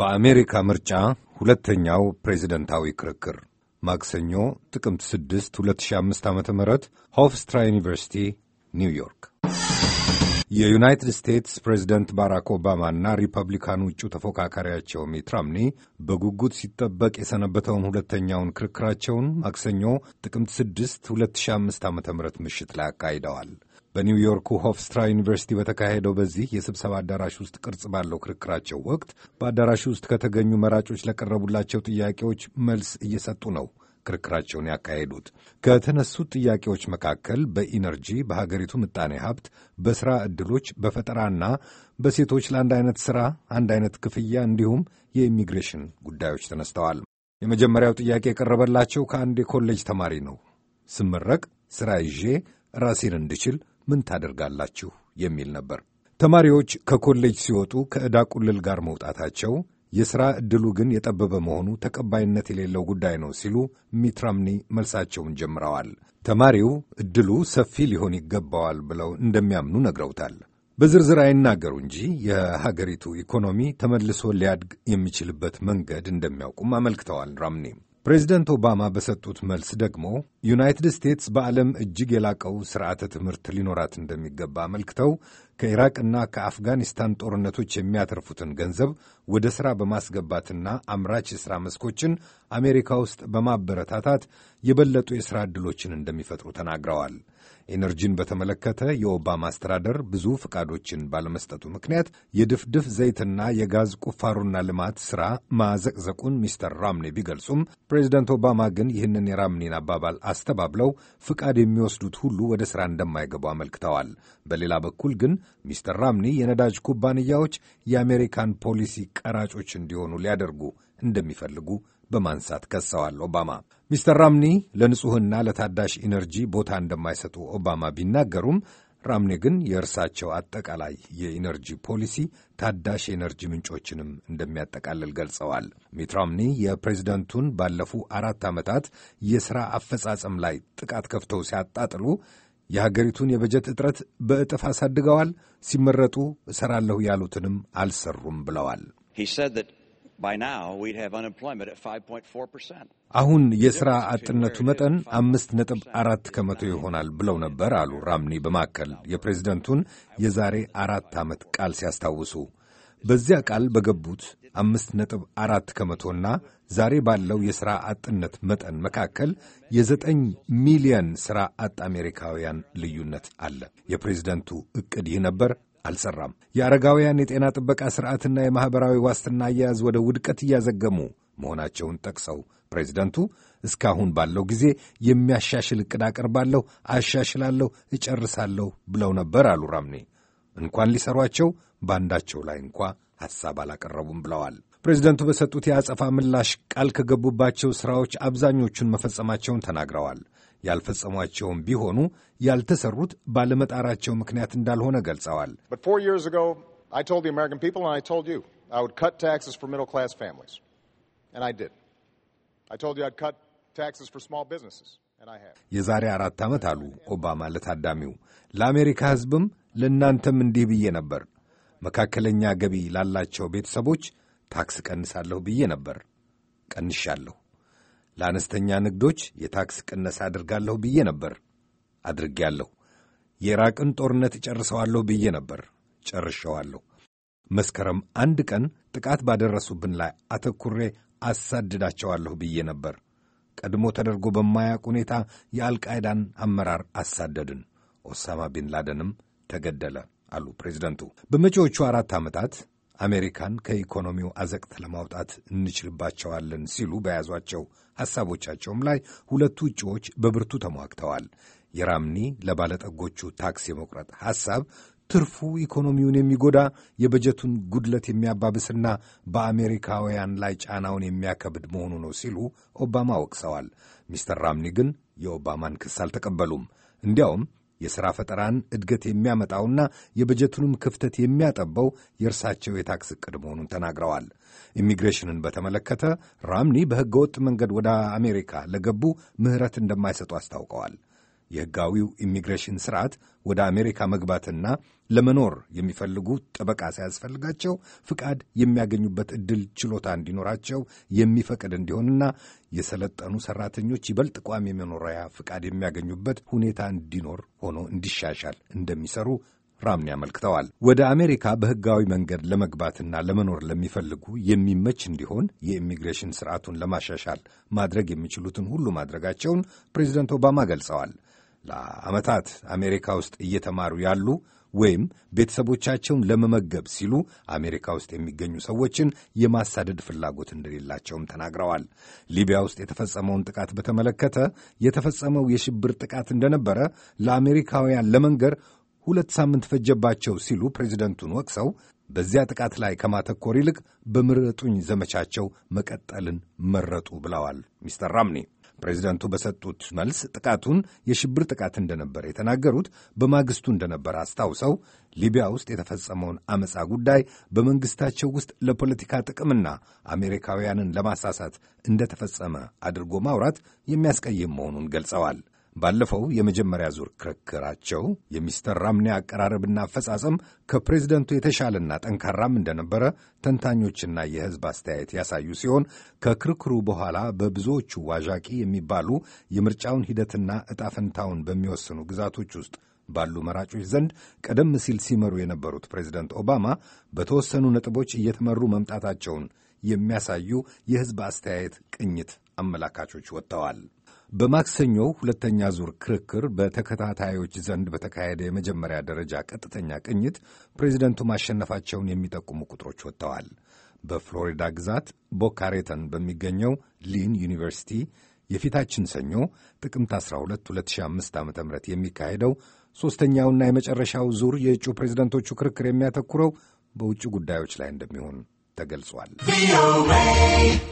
በአሜሪካ ምርጫ ሁለተኛው ፕሬዚደንታዊ ክርክር ማክሰኞ ጥቅምት 6 2005 ዓ ም ሆፍስትራ ዩኒቨርሲቲ ኒውዮርክ የዩናይትድ ስቴትስ ፕሬዚደንት ባራክ ኦባማና ሪፐብሊካኑ እጩ ተፎካካሪያቸው ሚት ራምኒ በጉጉት ሲጠበቅ የሰነበተውን ሁለተኛውን ክርክራቸውን ማክሰኞ ጥቅምት 6 2005 ዓ ም ምሽት ላይ አካሂደዋል። በኒውዮርኩ ሆፍስትራ ዩኒቨርሲቲ በተካሄደው በዚህ የስብሰባ አዳራሽ ውስጥ ቅርጽ ባለው ክርክራቸው ወቅት በአዳራሹ ውስጥ ከተገኙ መራጮች ለቀረቡላቸው ጥያቄዎች መልስ እየሰጡ ነው። ክርክራቸውን ያካሄዱት። ከተነሱት ጥያቄዎች መካከል በኢነርጂ፣ በሀገሪቱ ምጣኔ ሀብት፣ በሥራ ዕድሎች፣ በፈጠራና በሴቶች ለአንድ አይነት ሥራ አንድ አይነት ክፍያ እንዲሁም የኢሚግሬሽን ጉዳዮች ተነስተዋል። የመጀመሪያው ጥያቄ የቀረበላቸው ከአንድ የኮሌጅ ተማሪ ነው። ስመረቅ ሥራ ይዤ ራሴን እንድችል ምን ታደርጋላችሁ የሚል ነበር። ተማሪዎች ከኮሌጅ ሲወጡ ከዕዳ ቁልል ጋር መውጣታቸው የሥራ ዕድሉ ግን የጠበበ መሆኑ ተቀባይነት የሌለው ጉዳይ ነው ሲሉ ሚትራምኒ መልሳቸውን ጀምረዋል። ተማሪው ዕድሉ ሰፊ ሊሆን ይገባዋል ብለው እንደሚያምኑ ነግረውታል። በዝርዝር አይናገሩ እንጂ የሀገሪቱ ኢኮኖሚ ተመልሶ ሊያድግ የሚችልበት መንገድ እንደሚያውቁም አመልክተዋል ራምኒ። ፕሬዚደንት ኦባማ በሰጡት መልስ ደግሞ ዩናይትድ ስቴትስ በዓለም እጅግ የላቀው ስርዓተ ትምህርት ሊኖራት እንደሚገባ አመልክተው ከኢራቅና ከአፍጋኒስታን ጦርነቶች የሚያተርፉትን ገንዘብ ወደ ሥራ በማስገባትና አምራች የሥራ መስኮችን አሜሪካ ውስጥ በማበረታታት የበለጡ የሥራ ዕድሎችን እንደሚፈጥሩ ተናግረዋል። ኤነርጂን በተመለከተ የኦባማ አስተዳደር ብዙ ፈቃዶችን ባለመስጠቱ ምክንያት የድፍድፍ ዘይትና የጋዝ ቁፋሮና ልማት ሥራ ማዘቅዘቁን ሚስተር ራምኔ ቢገልጹም ፕሬዚደንት ኦባማ ግን ይህንን የራምኔን አባባል አስተባብለው ፍቃድ የሚወስዱት ሁሉ ወደ ሥራ እንደማይገቡ አመልክተዋል። በሌላ በኩል ግን ሚስተር ራምኒ የነዳጅ ኩባንያዎች የአሜሪካን ፖሊሲ ቀራጮች እንዲሆኑ ሊያደርጉ እንደሚፈልጉ በማንሳት ከሰዋል። ኦባማ ሚስተር ራምኒ ለንጹሕና ለታዳሽ ኢነርጂ ቦታ እንደማይሰጡ ኦባማ ቢናገሩም ራምኒ ግን የእርሳቸው አጠቃላይ የኢነርጂ ፖሊሲ ታዳሽ የኢነርጂ ምንጮችንም እንደሚያጠቃልል ገልጸዋል። ሚት ራምኒ የፕሬዚደንቱን ባለፉ አራት ዓመታት የሥራ አፈጻጸም ላይ ጥቃት ከፍተው ሲያጣጥሉ የሀገሪቱን የበጀት እጥረት በእጥፍ አሳድገዋል። ሲመረጡ እሰራለሁ ያሉትንም አልሰሩም ብለዋል። አሁን የሥራ አጥነቱ መጠን አምስት ነጥብ አራት ከመቶ ይሆናል ብለው ነበር አሉ ራምኒ በማከል የፕሬዚደንቱን የዛሬ አራት ዓመት ቃል ሲያስታውሱ በዚያ ቃል በገቡት አምስት ነጥብ አራት ከመቶና ዛሬ ባለው የሥራ አጥነት መጠን መካከል የዘጠኝ ሚሊዮን ሥራ አጥ አሜሪካውያን ልዩነት አለ። የፕሬዝደንቱ ዕቅድ ይህ ነበር፣ አልሠራም። የአረጋውያን የጤና ጥበቃ ሥርዓትና የማኅበራዊ ዋስትና አያያዝ ወደ ውድቀት እያዘገሙ መሆናቸውን ጠቅሰው ፕሬዝደንቱ እስካሁን ባለው ጊዜ የሚያሻሽል ዕቅድ አቀርባለሁ፣ አሻሽላለሁ፣ እጨርሳለሁ ብለው ነበር አሉ ራምኔ እንኳን ሊሰሯቸው በአንዳቸው ላይ እንኳ ሐሳብ አላቀረቡም ብለዋል። ፕሬዚደንቱ በሰጡት የአጸፋ ምላሽ ቃል ከገቡባቸው ሥራዎች አብዛኞቹን መፈጸማቸውን ተናግረዋል። ያልፈጸሟቸውም ቢሆኑ ያልተሰሩት ባለመጣራቸው ምክንያት እንዳልሆነ ገልጸዋል። የዛሬ አራት ዓመት አሉ ኦባማ ለታዳሚው ለአሜሪካ ሕዝብም ለእናንተም እንዲህ ብዬ ነበር። መካከለኛ ገቢ ላላቸው ቤተሰቦች ታክስ ቀንሳለሁ ብዬ ነበር፣ ቀንሻለሁ። ለአነስተኛ ንግዶች የታክስ ቅነሳ አድርጋለሁ ብዬ ነበር፣ አድርጌያለሁ። የኢራቅን ጦርነት እጨርሰዋለሁ ብዬ ነበር፣ ጨርሸዋለሁ። መስከረም አንድ ቀን ጥቃት ባደረሱብን ላይ አተኩሬ አሳድዳቸዋለሁ ብዬ ነበር። ቀድሞ ተደርጎ በማያውቅ ሁኔታ የአልቃይዳን አመራር አሳደድን። ኦሳማ ቢን ላደንም ተገደለ አሉ ፕሬዚደንቱ። በመጪዎቹ አራት ዓመታት አሜሪካን ከኢኮኖሚው አዘቅት ለማውጣት እንችልባቸዋለን ሲሉ በያዟቸው ሐሳቦቻቸውም ላይ ሁለቱ እጩዎች በብርቱ ተሟግተዋል። የራምኒ ለባለጠጎቹ ታክስ የመቁረጥ ሐሳብ ትርፉ ኢኮኖሚውን የሚጎዳ የበጀቱን ጉድለት የሚያባብስና በአሜሪካውያን ላይ ጫናውን የሚያከብድ መሆኑ ነው ሲሉ ኦባማ ወቅሰዋል። ሚስተር ራምኒ ግን የኦባማን ክስ አልተቀበሉም። እንዲያውም የሥራ ፈጠራን እድገት የሚያመጣውና የበጀቱንም ክፍተት የሚያጠበው የእርሳቸው የታክስ ዕቅድ መሆኑን ተናግረዋል። ኢሚግሬሽንን በተመለከተ ራምኒ በሕገ ወጥ መንገድ ወደ አሜሪካ ለገቡ ምሕረት እንደማይሰጡ አስታውቀዋል። የሕጋዊው ኢሚግሬሽን ስርዓት ወደ አሜሪካ መግባትና ለመኖር የሚፈልጉ ጠበቃ ሳያስፈልጋቸው ፍቃድ የሚያገኙበት ዕድል ችሎታ እንዲኖራቸው የሚፈቅድ እንዲሆንና የሰለጠኑ ሠራተኞች ይበልጥ ቋሚ የመኖሪያ ፍቃድ የሚያገኙበት ሁኔታ እንዲኖር ሆኖ እንዲሻሻል እንደሚሰሩ ራምኒ አመልክተዋል። ወደ አሜሪካ በሕጋዊ መንገድ ለመግባትና ለመኖር ለሚፈልጉ የሚመች እንዲሆን የኢሚግሬሽን ስርዓቱን ለማሻሻል ማድረግ የሚችሉትን ሁሉ ማድረጋቸውን ፕሬዚደንት ኦባማ ገልጸዋል። ለዓመታት አሜሪካ ውስጥ እየተማሩ ያሉ ወይም ቤተሰቦቻቸውን ለመመገብ ሲሉ አሜሪካ ውስጥ የሚገኙ ሰዎችን የማሳደድ ፍላጎት እንደሌላቸውም ተናግረዋል። ሊቢያ ውስጥ የተፈጸመውን ጥቃት በተመለከተ የተፈጸመው የሽብር ጥቃት እንደነበረ ለአሜሪካውያን ለመንገር ሁለት ሳምንት ፈጀባቸው ሲሉ ፕሬዚደንቱን ወቅሰው በዚያ ጥቃት ላይ ከማተኮር ይልቅ በምረጡኝ ዘመቻቸው መቀጠልን መረጡ ብለዋል ሚስተር ራምኒ። ፕሬዚደንቱ በሰጡት መልስ ጥቃቱን የሽብር ጥቃት እንደነበር የተናገሩት በማግስቱ እንደነበር አስታውሰው ሊቢያ ውስጥ የተፈጸመውን አመፃ ጉዳይ በመንግስታቸው ውስጥ ለፖለቲካ ጥቅምና አሜሪካውያንን ለማሳሳት እንደተፈጸመ አድርጎ ማውራት የሚያስቀይም መሆኑን ገልጸዋል። ባለፈው የመጀመሪያ ዙር ክርክራቸው የሚስተር ራምኒ አቀራረብና አፈጻጸም ከፕሬዝደንቱ የተሻለና ጠንካራም እንደነበረ ተንታኞችና የሕዝብ አስተያየት ያሳዩ ሲሆን ከክርክሩ በኋላ በብዙዎቹ ዋዣቂ የሚባሉ የምርጫውን ሂደትና እጣፈንታውን በሚወስኑ ግዛቶች ውስጥ ባሉ መራጮች ዘንድ ቀደም ሲል ሲመሩ የነበሩት ፕሬዝደንት ኦባማ በተወሰኑ ነጥቦች እየተመሩ መምጣታቸውን የሚያሳዩ የሕዝብ አስተያየት ቅኝት አመላካቾች ወጥተዋል። በማክሰኞው ሁለተኛ ዙር ክርክር በተከታታዮች ዘንድ በተካሄደ የመጀመሪያ ደረጃ ቀጥተኛ ቅኝት ፕሬዚደንቱ ማሸነፋቸውን የሚጠቁሙ ቁጥሮች ወጥተዋል። በፍሎሪዳ ግዛት ቦካሬተን በሚገኘው ሊን ዩኒቨርሲቲ የፊታችን ሰኞ ጥቅምት 12 2005 ዓ ም የሚካሄደው ሦስተኛውና የመጨረሻው ዙር የእጩ ፕሬዝደንቶቹ ክርክር የሚያተኩረው በውጭ ጉዳዮች ላይ እንደሚሆን ተገልጿል።